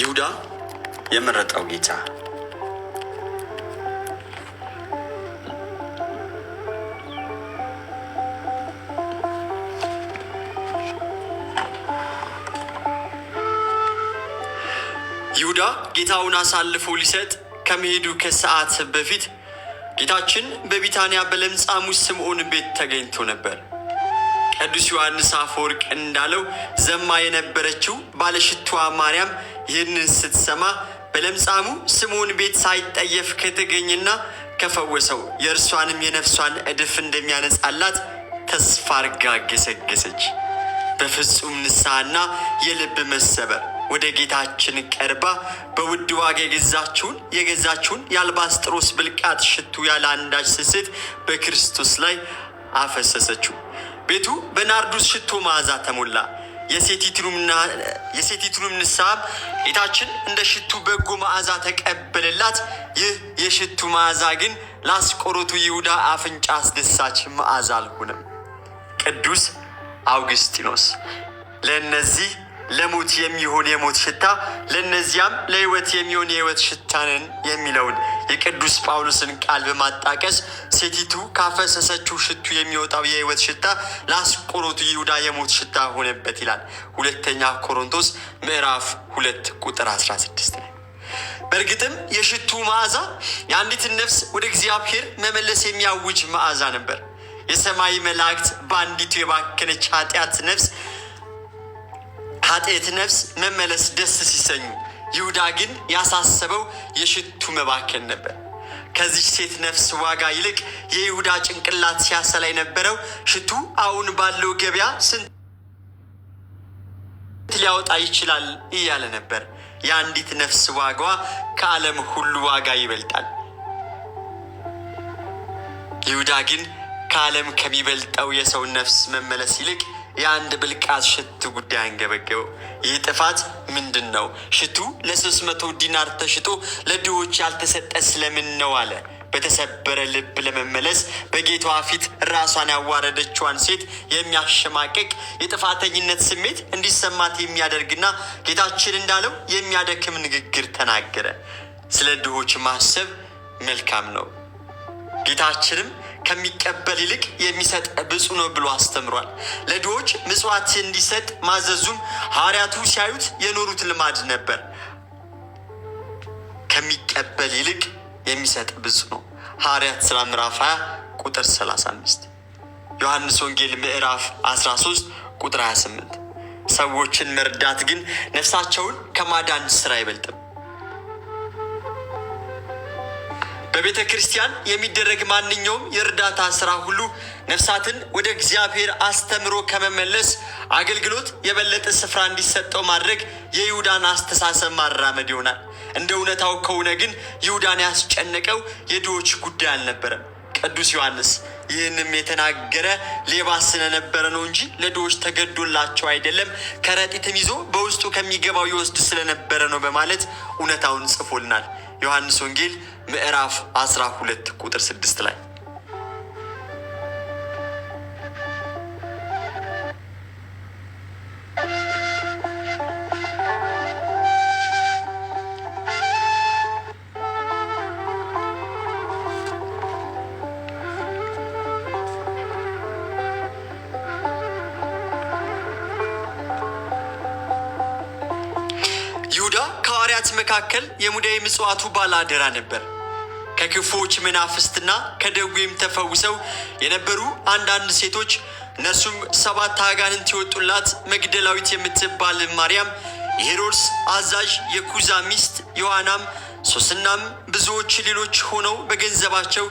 ይሁዳ የመረጠው ጌታ ይሁዳ ጌታውን አሳልፎ ሊሰጥ ከመሄዱ ከሰዓት በፊት ጌታችን በቢታንያ በለምጻሙ ስምዖን ቤት ተገኝቶ ነበር። ቅዱስ ዮሐንስ አፈወርቅ እንዳለው ዘማ የነበረችው ባለሽቷ ማርያም ይህንን ስትሰማ በለምጻሙ ስምዖን ቤት ሳይጠየፍ ከተገኘና ከፈወሰው የእርሷንም የነፍሷን እድፍ እንደሚያነጻላት ተስፋ አርጋ ገሰገሰች። በፍጹም ንስሐና የልብ መሰበር ወደ ጌታችን ቀርባ በውድ ዋጋ የገዛችውን የገዛችውን የአልባስጥሮስ ብልቃት ሽቱ ያለ አንዳች ስስት በክርስቶስ ላይ አፈሰሰችው። ቤቱ በናርዱስ ሽቶ መዓዛ ተሞላ። የሴቲቱንም ንስሐም ጌታችን እንደ ሽቱ በጎ መዓዛ ተቀበለላት። ይህ የሽቱ መዓዛ ግን ለአስቆሮቱ ይሁዳ አፍንጫ አስደሳች መዓዛ አልሆነም። ቅዱስ አውግስጢኖስ ለእነዚህ ለሞት የሚሆን የሞት ሽታ ለእነዚያም ለሕይወት የሚሆን የሕይወት ሽታ የሚለውን የቅዱስ ጳውሎስን ቃል በማጣቀስ ሴቲቱ ካፈሰሰችው ሽቱ የሚወጣው የሕይወት ሽታ ለአስቆሮቱ ይሁዳ የሞት ሽታ ሆነበት ይላል ሁለተኛ ቆሮንቶስ ምዕራፍ ሁለት ቁጥር 16 ላይ። በእርግጥም የሽቱ መዓዛ የአንዲትን ነፍስ ወደ እግዚአብሔር መመለስ የሚያውጅ መዓዛ ነበር። የሰማይ መላእክት በአንዲቱ የባከነች ኃጢአት ነፍስ ኃጢአት ነፍስ መመለስ ደስ ሲሰኙ፣ ይሁዳ ግን ያሳሰበው የሽቱ መባከን ነበር። ከዚች ሴት ነፍስ ዋጋ ይልቅ የይሁዳ ጭንቅላት ሲያሰላ የነበረው ሽቱ አሁን ባለው ገበያ ስንት ሊያወጣ ይችላል እያለ ነበር። የአንዲት ነፍስ ዋጋ ከዓለም ሁሉ ዋጋ ይበልጣል። ይሁዳ ግን ከዓለም ከሚበልጠው የሰው ነፍስ መመለስ ይልቅ የአንድ ብልቃት ሽቱ ጉዳይ አንገበገበው። ይህ ጥፋት ምንድን ነው? ሽቱ ለሶስት መቶ ዲናር ተሽጦ ለድሆች ያልተሰጠ ስለምን ነው አለ። በተሰበረ ልብ ለመመለስ በጌቷ ፊት ራሷን ያዋረደችዋን ሴት የሚያሸማቅቅ የጥፋተኝነት ስሜት እንዲሰማት የሚያደርግና ጌታችን እንዳለው የሚያደክም ንግግር ተናገረ። ስለ ድሆች ማሰብ መልካም ነው። ጌታችንም ከሚቀበል ይልቅ የሚሰጥ ብፁ ነው ብሎ አስተምሯል። ለድሆች ምጽዋት እንዲሰጥ ማዘዙም ሐዋርያቱ ሲያዩት የኖሩት ልማድ ነበር። ከሚቀበል ይልቅ የሚሰጥ ብፁ ነው። ሐዋርያት ሥራ ምዕራፍ 20 ቁጥር 35፣ ዮሐንስ ወንጌል ምዕራፍ 13 ቁጥር 28። ሰዎችን መርዳት ግን ነፍሳቸውን ከማዳን ስራ አይበልጥም። በቤተ ክርስቲያን የሚደረግ ማንኛውም የእርዳታ ስራ ሁሉ ነፍሳትን ወደ እግዚአብሔር አስተምሮ ከመመለስ አገልግሎት የበለጠ ስፍራ እንዲሰጠው ማድረግ የይሁዳን አስተሳሰብ ማራመድ ይሆናል። እንደ እውነታው ከሆነ ግን ይሁዳን ያስጨነቀው የድሆች ጉዳይ አልነበረም። ቅዱስ ዮሐንስ ይህንም የተናገረ ሌባ ስለነበረ ነው እንጂ ለድሆች ተገዶላቸው አይደለም፣ ከረጢትም ይዞ በውስጡ ከሚገባው ይወስድ ስለነበረ ነው በማለት እውነታውን ጽፎልናል። ዮሐንስ ወንጌል ምዕራፍ 12 ቁጥር 6 ላይ ካህናት መካከል የሙዳየ ምጽዋቱ ባለ አደራ ነበር። ከክፉዎች መናፍስትና ከደዌም ተፈውሰው የነበሩ አንዳንድ ሴቶች እነርሱም ሰባት አጋንንት የወጡላት መግደላዊት የምትባል ማርያም፣ የሄሮድስ አዛዥ የኩዛ ሚስት ዮሐናም፣ ሶስናም ብዙዎች ሌሎች ሆነው በገንዘባቸው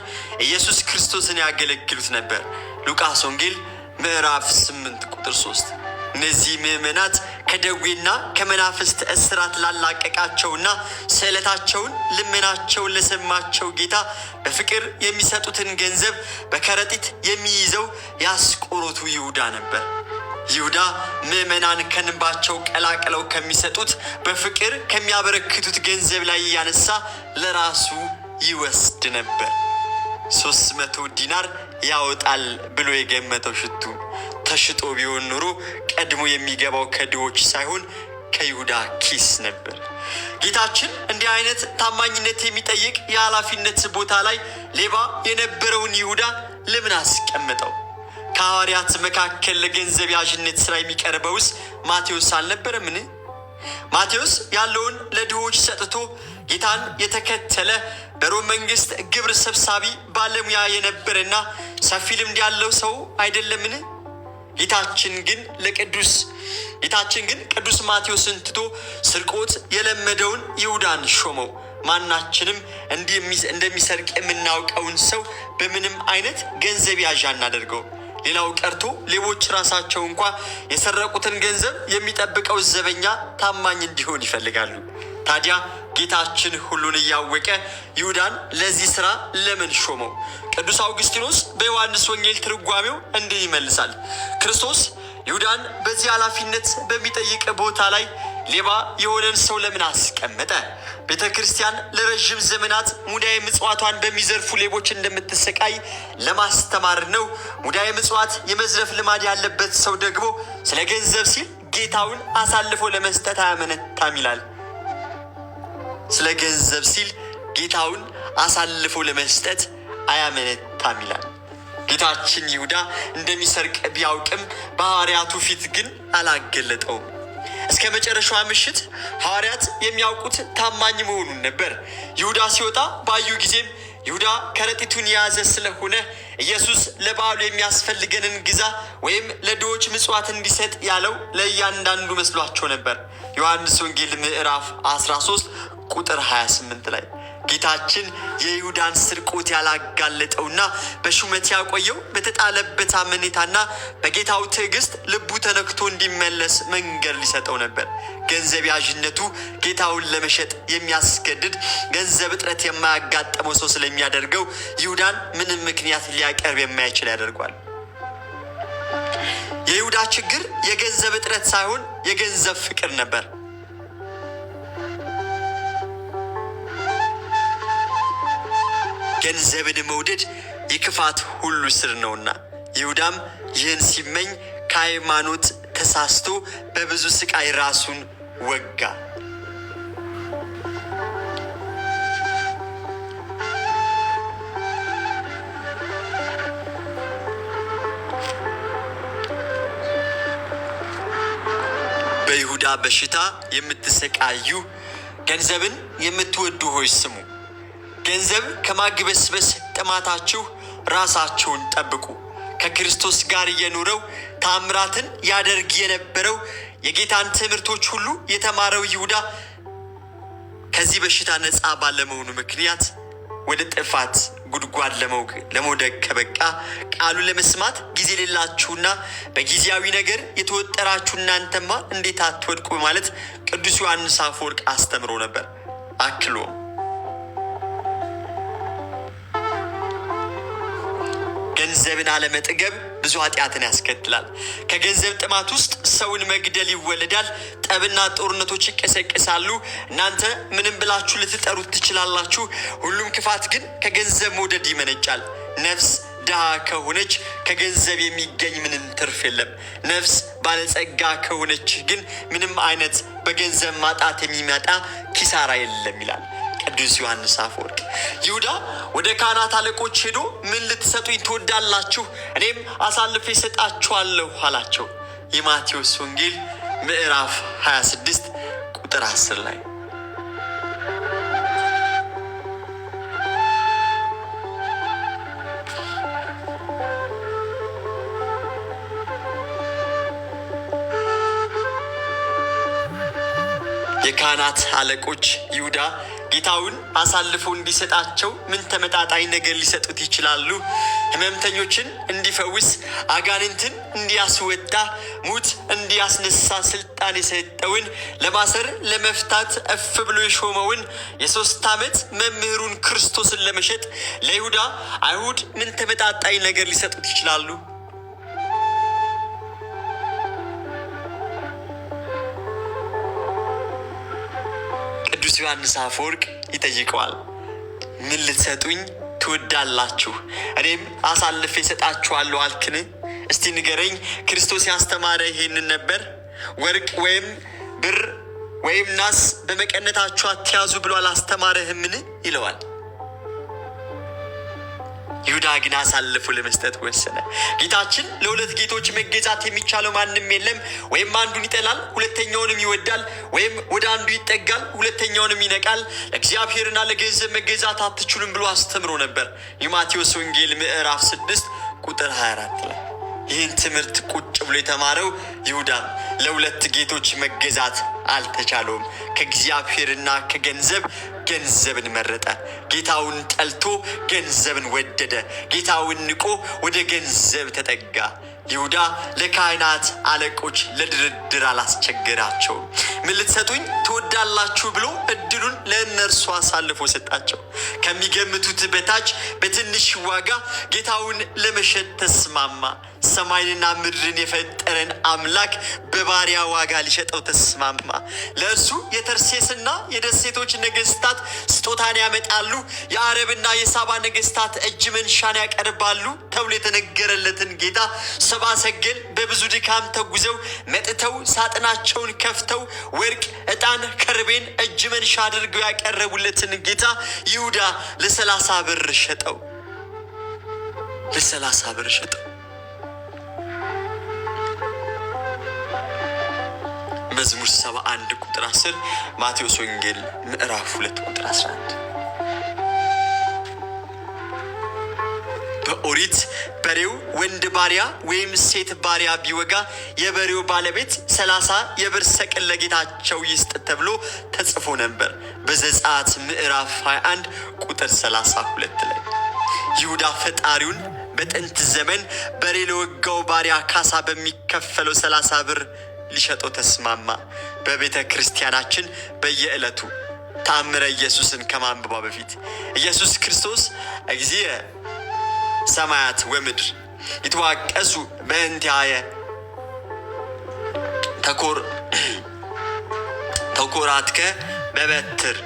ኢየሱስ ክርስቶስን ያገለግሉት ነበር። ሉቃስ ወንጌል ምዕራፍ 8 ቁጥር 3 እነዚህ ምዕመናት ከደዌና ከመናፍስት እስራት ላላቀቃቸውና ስዕለታቸውን ልመናቸውን ለሰማቸው ጌታ በፍቅር የሚሰጡትን ገንዘብ በከረጢት የሚይዘው ያስቆሮቱ ይሁዳ ነበር። ይሁዳ ምዕመናን ከንባቸው ቀላቅለው ከሚሰጡት በፍቅር ከሚያበረክቱት ገንዘብ ላይ እያነሳ ለራሱ ይወስድ ነበር። ሶስት መቶ ዲናር ያወጣል ብሎ የገመተው ሽቱ ተሽጦ ቢሆን ኑሮ ቀድሞ የሚገባው ከድሆች ሳይሆን ከይሁዳ ኪስ ነበር። ጌታችን እንዲህ አይነት ታማኝነት የሚጠይቅ የኃላፊነት ቦታ ላይ ሌባ የነበረውን ይሁዳ ለምን አስቀምጠው? ከሐዋርያት መካከል ለገንዘብ ያዥነት ሥራ የሚቀርበውስ ማቴዎስ አልነበረምን? ማቴዎስ ያለውን ለድሆች ሰጥቶ ጌታን የተከተለ በሮም መንግሥት ግብር ሰብሳቢ ባለሙያ የነበረና ሰፊ ልምድ ያለው ሰው አይደለምን? ጌታችን ግን ለቅዱስ ጌታችን ግን ቅዱስ ማቴዎስን ትቶ ስርቆት የለመደውን ይሁዳን ሾመው። ማናችንም እንደሚሰርቅ የምናውቀውን ሰው በምንም አይነት ገንዘብ ያዣ እናደርገው። ሌላው ቀርቶ ሌቦች ራሳቸው እንኳ የሰረቁትን ገንዘብ የሚጠብቀው ዘበኛ ታማኝ እንዲሆን ይፈልጋሉ። ታዲያ ጌታችን ሁሉን እያወቀ ይሁዳን ለዚህ ሥራ ለምን ሾመው? ቅዱስ አውግስቲኖስ በዮሐንስ ወንጌል ትርጓሜው እንዲህ ይመልሳል። ክርስቶስ ይሁዳን በዚህ ኃላፊነት በሚጠይቅ ቦታ ላይ ሌባ የሆነን ሰው ለምን አስቀመጠ? ቤተ ክርስቲያን ለረዥም ዘመናት ሙዳየ ምጽዋቷን በሚዘርፉ ሌቦች እንደምትሰቃይ ለማስተማር ነው። ሙዳየ ምጽዋት የመዝረፍ ልማድ ያለበት ሰው ደግሞ ስለ ገንዘብ ሲል ጌታውን አሳልፎ ለመስጠት አያመነታም ይላል። ስለ ገንዘብ ሲል ጌታውን አሳልፎ ለመስጠት አያመነታም ይላል። ጌታችን ይሁዳ እንደሚሰርቅ ቢያውቅም በሐዋርያቱ ፊት ግን አላገለጠውም። እስከ መጨረሻዋ ምሽት ሐዋርያት የሚያውቁት ታማኝ መሆኑን ነበር። ይሁዳ ሲወጣ ባዩ ጊዜም ይሁዳ ከረጢቱን የያዘ ስለሆነ ኢየሱስ ለበዓሉ የሚያስፈልገንን ግዛ ወይም ለድሆች ምጽዋት እንዲሰጥ ያለው ለእያንዳንዱ መስሏቸው ነበር። ዮሐንስ ወንጌል ምዕራፍ 13 ቁጥር 28 ላይ ጌታችን የይሁዳን ስርቆት ያላጋለጠውና በሹመት ያቆየው በተጣለበት አመኔታና በጌታው ትዕግስት ልቡ ተነክቶ እንዲመለስ መንገድ ሊሰጠው ነበር። ገንዘብ ያዥነቱ ጌታውን ለመሸጥ የሚያስገድድ ገንዘብ እጥረት የማያጋጠመው ሰው ስለሚያደርገው ይሁዳን ምንም ምክንያት ሊያቀርብ የማይችል ያደርጓል። የይሁዳ ችግር የገንዘብ እጥረት ሳይሆን የገንዘብ ፍቅር ነበር። ገንዘብን መውደድ የክፋት ሁሉ ስር ነውና። ይሁዳም ይህን ሲመኝ ከሃይማኖት ተሳስቶ በብዙ ስቃይ ራሱን ወጋ። በይሁዳ በሽታ የምትሰቃዩ ገንዘብን የምትወዱ ሆይ ስሙ። ገንዘብ ከማግበስበስ ጥማታችሁ ራሳችሁን ጠብቁ። ከክርስቶስ ጋር እየኖረው ታምራትን ያደርግ የነበረው የጌታን ትምህርቶች ሁሉ የተማረው ይሁዳ ከዚህ በሽታ ነፃ ባለመሆኑ ምክንያት ወደ ጥፋት ጉድጓድ ለመውደቅ ከበቃ ቃሉ ለመስማት ጊዜ ሌላችሁና በጊዜያዊ ነገር የተወጠራችሁ እናንተማ እንዴት አትወድቁ? በማለት ቅዱስ ዮሐንስ አፈወርቅ አስተምሮ ነበር አክሎም ገንዘብን አለመጠገብ ብዙ ኃጢአትን ያስከትላል። ከገንዘብ ጥማት ውስጥ ሰውን መግደል ይወለዳል። ጠብና ጦርነቶች ይቀሰቀሳሉ። እናንተ ምንም ብላችሁ ልትጠሩት ትችላላችሁ። ሁሉም ክፋት ግን ከገንዘብ መውደድ ይመነጫል። ነፍስ ድሃ ከሆነች ከገንዘብ የሚገኝ ምንም ትርፍ የለም። ነፍስ ባለጸጋ ከሆነች ግን ምንም አይነት በገንዘብ ማጣት የሚመጣ ኪሳራ የለም ይላል። ቅዱስ ዮሐንስ አፈወርቅ። ይሁዳ ወደ ካህናት አለቆች ሄዶ ምን ልትሰጡኝ ትወዳላችሁ? እኔም አሳልፌ እሰጣችኋለሁ አላቸው። የማቴዎስ ወንጌል ምዕራፍ 26 ቁጥር 10 ላይ የካህናት አለቆች ይሁዳ ጌታውን አሳልፈው እንዲሰጣቸው ምን ተመጣጣኝ ነገር ሊሰጡት ይችላሉ? ህመምተኞችን እንዲፈውስ፣ አጋንንትን እንዲያስወጣ፣ ሙት እንዲያስነሳ ስልጣን የሰጠውን ለማሰር ለመፍታት እፍ ብሎ የሾመውን የሶስት ዓመት መምህሩን ክርስቶስን ለመሸጥ ለይሁዳ አይሁድ ምን ተመጣጣኝ ነገር ሊሰጡት ይችላሉ? ቅዱስ ዮሐንስ አፈወርቅ ይጠይቀዋል። ምን ልትሰጡኝ ትወዳላችሁ? እኔም አሳልፌ እሰጣችኋለሁ አልክን? እስቲ ንገረኝ። ክርስቶስ ያስተማረ ይሄንን ነበር። ወርቅ ወይም ብር ወይም ናስ በመቀነታችሁ አትያዙ ብሎ አላስተማረህምን? ይለዋል። ይሁዳ ግን አሳልፎ ለመስጠት ወሰነ። ጌታችን ለሁለት ጌቶች መገዛት የሚቻለው ማንም የለም። ወይም አንዱን ይጠላል፣ ሁለተኛውንም ይወዳል፣ ወይም ወደ አንዱ ይጠጋል፣ ሁለተኛውንም ይነቃል። ለእግዚአብሔርና ለገንዘብ መገዛት አትችሉም ብሎ አስተምሮ ነበር። የማቴዎስ ወንጌል ምዕራፍ 6 ቁጥር 24 ላይ ይህን ትምህርት ቁጭ ብሎ የተማረው ይሁዳ ለሁለት ጌቶች መገዛት አልተቻለውም። ከእግዚአብሔርና ከገንዘብ ገንዘብን መረጠ። ጌታውን ጠልቶ ገንዘብን ወደደ። ጌታውን ንቆ ወደ ገንዘብ ተጠጋ። ይሁዳ ለካህናት አለቆች ለድርድር አላስቸገራቸውም። ምን ልትሰጡኝ ትወዳላችሁ ብሎ እድሉን ለእነርሱ አሳልፎ ሰጣቸው። ከሚገምቱት በታች በትንሽ ዋጋ ጌታውን ለመሸጥ ተስማማ። ሰማይንና ምድርን የፈጠረን አምላክ በባሪያ ዋጋ ሊሸጠው ተስማማ። ለእርሱ የተርሴስና የደሴቶች ነገስታት ስጦታን ያመጣሉ፣ የአረብና የሳባ ነገስታት እጅ መንሻን ያቀርባሉ ተብሎ የተነገረለትን ጌታ ሰባ ሰገል በብዙ ድካም ተጉዘው መጥተው ሳጥናቸውን ከፍተው ወርቅ፣ ዕጣን፣ ከርቤን እጅ መንሻ አድርገው ያቀረቡለትን ጌታ ይሁዳ ለሰላሳ ብር ሸጠው፣ ለሰላሳ ብር ሸጠው። መዝሙር 71 ቁጥር 10 ማቴዎስ ወንጌል ምዕራፍ 2 ቁጥር 11 በኦሪት በሬው ወንድ ባሪያ ወይም ሴት ባሪያ ቢወጋ የበሬው ባለቤት ሰላሳ የብር ሰቅል ለጌታቸው ይስጥ ተብሎ ተጽፎ ነበር። በዘጸአት ምዕራፍ 21 ቁጥር 32 ላይ ይሁዳ ፈጣሪውን በጥንት ዘመን በሬ ለወጋው ባሪያ ካሳ በሚከፈለው 30 ብር ሊሸጠው ተስማማ። በቤተ ክርስቲያናችን በየዕለቱ ታምረ ኢየሱስን ከማንበባ በፊት ኢየሱስ ክርስቶስ እግዚእ ሰማያት ወምድር ይትዋቀሱ በእንቲአየ ተኮራትከ በበትር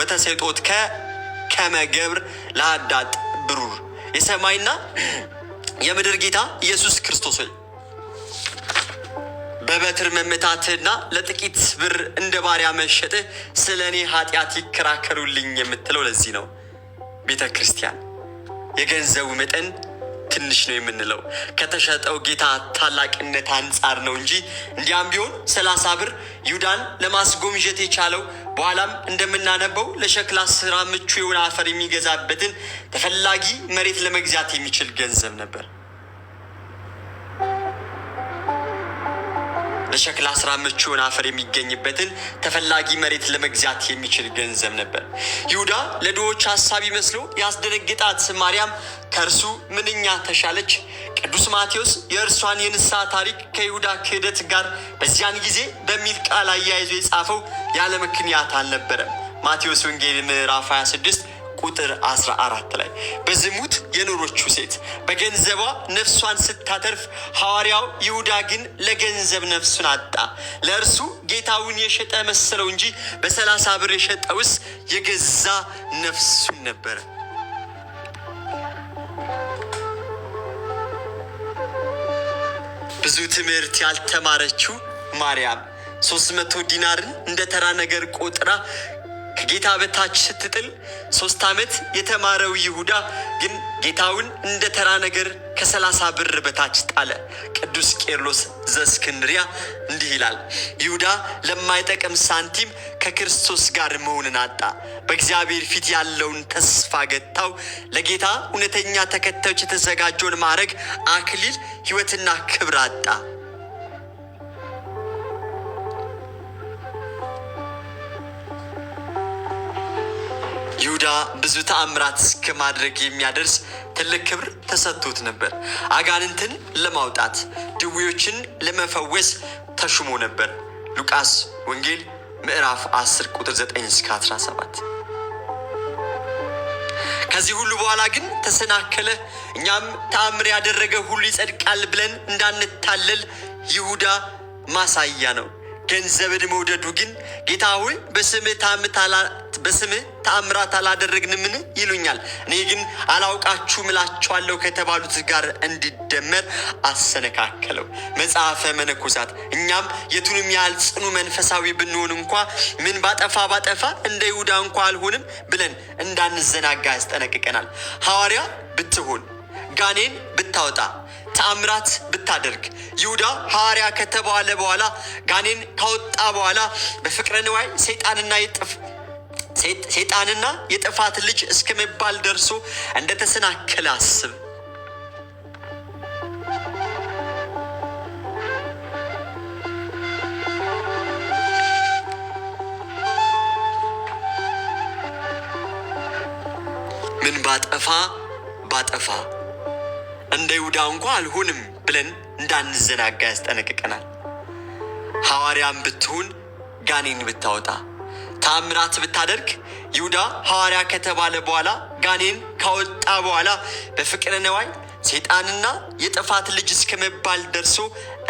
ወተሰይጦት ከመገብር ለአዳጥ ብሩር የሰማይና የምድር ጌታ ኢየሱስ ክርስቶስ ሆይ በበትር መመታትህና ለጥቂት ብር እንደ ባሪያ መሸጥህ ስለ እኔ ኃጢአት ይከራከሩልኝ የምትለው ለዚህ ነው። ቤተ ክርስቲያን የገንዘቡ መጠን ትንሽ ነው የምንለው ከተሸጠው ጌታ ታላቅነት አንጻር ነው እንጂ እንዲያም ቢሆን ሰላሳ ብር ይሁዳን ለማስጎምዠት የቻለው በኋላም እንደምናነበው ለሸክላ ስራ ምቹ የሆነ አፈር የሚገዛበትን ተፈላጊ መሬት ለመግዛት የሚችል ገንዘብ ነበር። ለሸክላ ስራ ምቹውን አፈር የሚገኝበትን ተፈላጊ መሬት ለመግዛት የሚችል ገንዘብ ነበር። ይሁዳ ለድሆች ሀሳቢ መስሎ ያስደነግጣት ማርያም ከእርሱ ምንኛ ተሻለች። ቅዱስ ማቴዎስ የእርሷን የንስሐ ታሪክ ከይሁዳ ክህደት ጋር በዚያን ጊዜ በሚል ቃል አያይዞ የጻፈው ያለ ምክንያት አልነበረም። ማቴዎስ ወንጌል ምዕራፍ 26 ቁጥር 14 ላይ በዝሙት የኖሮችው ሴት በገንዘቧ ነፍሷን ስታተርፍ፣ ሐዋርያው ይሁዳ ግን ለገንዘብ ነፍሱን አጣ። ለእርሱ ጌታውን የሸጠ መሰለው እንጂ በሰላሳ ብር የሸጠውስ የገዛ ነፍሱን ነበረ። ብዙ ትምህርት ያልተማረችው ማርያም ሶስት መቶ ዲናርን እንደ ተራ ነገር ቆጥራ ከጌታ በታች ስትጥል ሶስት ዓመት የተማረው ይሁዳ ግን ጌታውን እንደ ተራ ነገር ከሰላሳ ብር በታች ጣለ። ቅዱስ ቄርሎስ ዘእስክንድርያ እንዲህ ይላል፣ ይሁዳ ለማይጠቅም ሳንቲም ከክርስቶስ ጋር መሆንን አጣ። በእግዚአብሔር ፊት ያለውን ተስፋ ገታው። ለጌታ እውነተኛ ተከታዮች የተዘጋጀውን ማዕረግ፣ አክሊል፣ ሕይወትና ክብር አጣ። ይሁዳ ብዙ ተአምራት እስከ ማድረግ የሚያደርስ ትልቅ ክብር ተሰጥቶት ነበር። አጋንንትን ለማውጣት ድዌዎችን ለመፈወስ ተሹሞ ነበር። ሉቃስ ወንጌል ምዕራፍ 10 ቁጥር 9 እስከ 17። ከዚህ ሁሉ በኋላ ግን ተሰናከለ። እኛም ተአምር ያደረገ ሁሉ ይጸድቃል ብለን እንዳንታለል ይሁዳ ማሳያ ነው። ገንዘብን መውደዱ ግን ጌታ ሆይ በስምህ ተአምራት አላደረግንምን ይሉኛል፣ እኔ ግን አላውቃችሁ እላችኋለሁ ከተባሉት ጋር እንዲደመር አሰነካከለው። መጽሐፈ መነኮሳት። እኛም የቱንም ያህል ጽኑ መንፈሳዊ ብንሆን እንኳ ምን ባጠፋ ባጠፋ እንደ ይሁዳ እንኳ አልሆንም ብለን እንዳንዘናጋ ያስጠነቅቀናል። ሐዋርያ ብትሆን ጋኔን ብታወጣ ተአምራት ብታደርግ ይሁዳ ሐዋርያ ከተባለ በኋላ ጋኔን ካወጣ በኋላ በፍቅረ ንዋይ ሰይጣንና የጥፍ ሰይጣንና የጥፋት ልጅ እስከመባል ደርሶ እንደተሰናከለ አስብ። ምን ባጠፋ ባጠፋ እንደ ይሁዳ እንኳ አልሆንም ብለን እንዳንዘናጋ ያስጠነቅቀናል። ሐዋርያም ብትሆን ጋኔን ብታወጣ ታምራት ብታደርግ ይሁዳ ሐዋርያ ከተባለ በኋላ ጋኔን ካወጣ በኋላ በፍቅረ ነዋይ ሰይጣንና የጥፋት ልጅ እስከመባል ደርሶ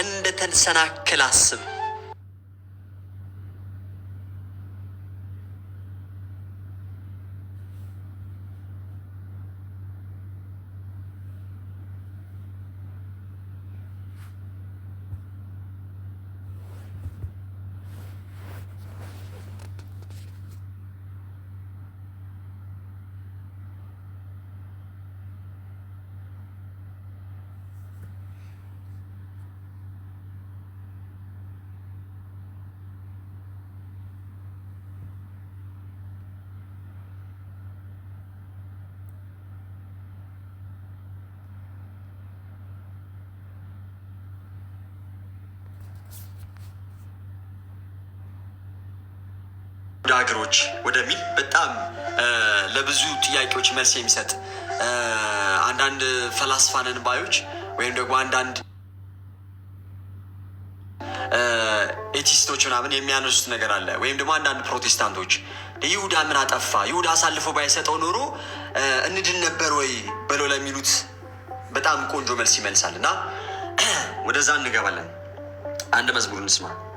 እንደተሰናከለ አስብ። ወደ ሀገሮች ወደሚል በጣም ለብዙ ጥያቄዎች መልስ የሚሰጥ አንዳንድ ፈላስፋነን ባዮች ወይም ደግሞ አንዳንድ ኤቲስቶች ምናምን የሚያነሱት ነገር አለ። ወይም ደግሞ አንዳንድ ፕሮቴስታንቶች ይሁዳ ምን አጠፋ? ይሁዳ አሳልፎ ባይሰጠው ኖሮ እንድን ነበር ወይ ብለው ለሚሉት በጣም ቆንጆ መልስ ይመልሳል እና ወደዛ እንገባለን። አንድ መዝሙር እንስማ።